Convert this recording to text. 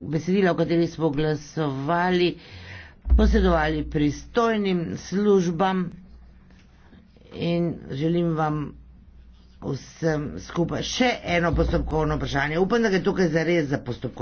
besedila, o kateri smo glasovali, posedovali pristojnim službam in želim vam vsem skupaj še eno postopkovno vprašanje. Upam, da ga je tukaj zares za postopkovno.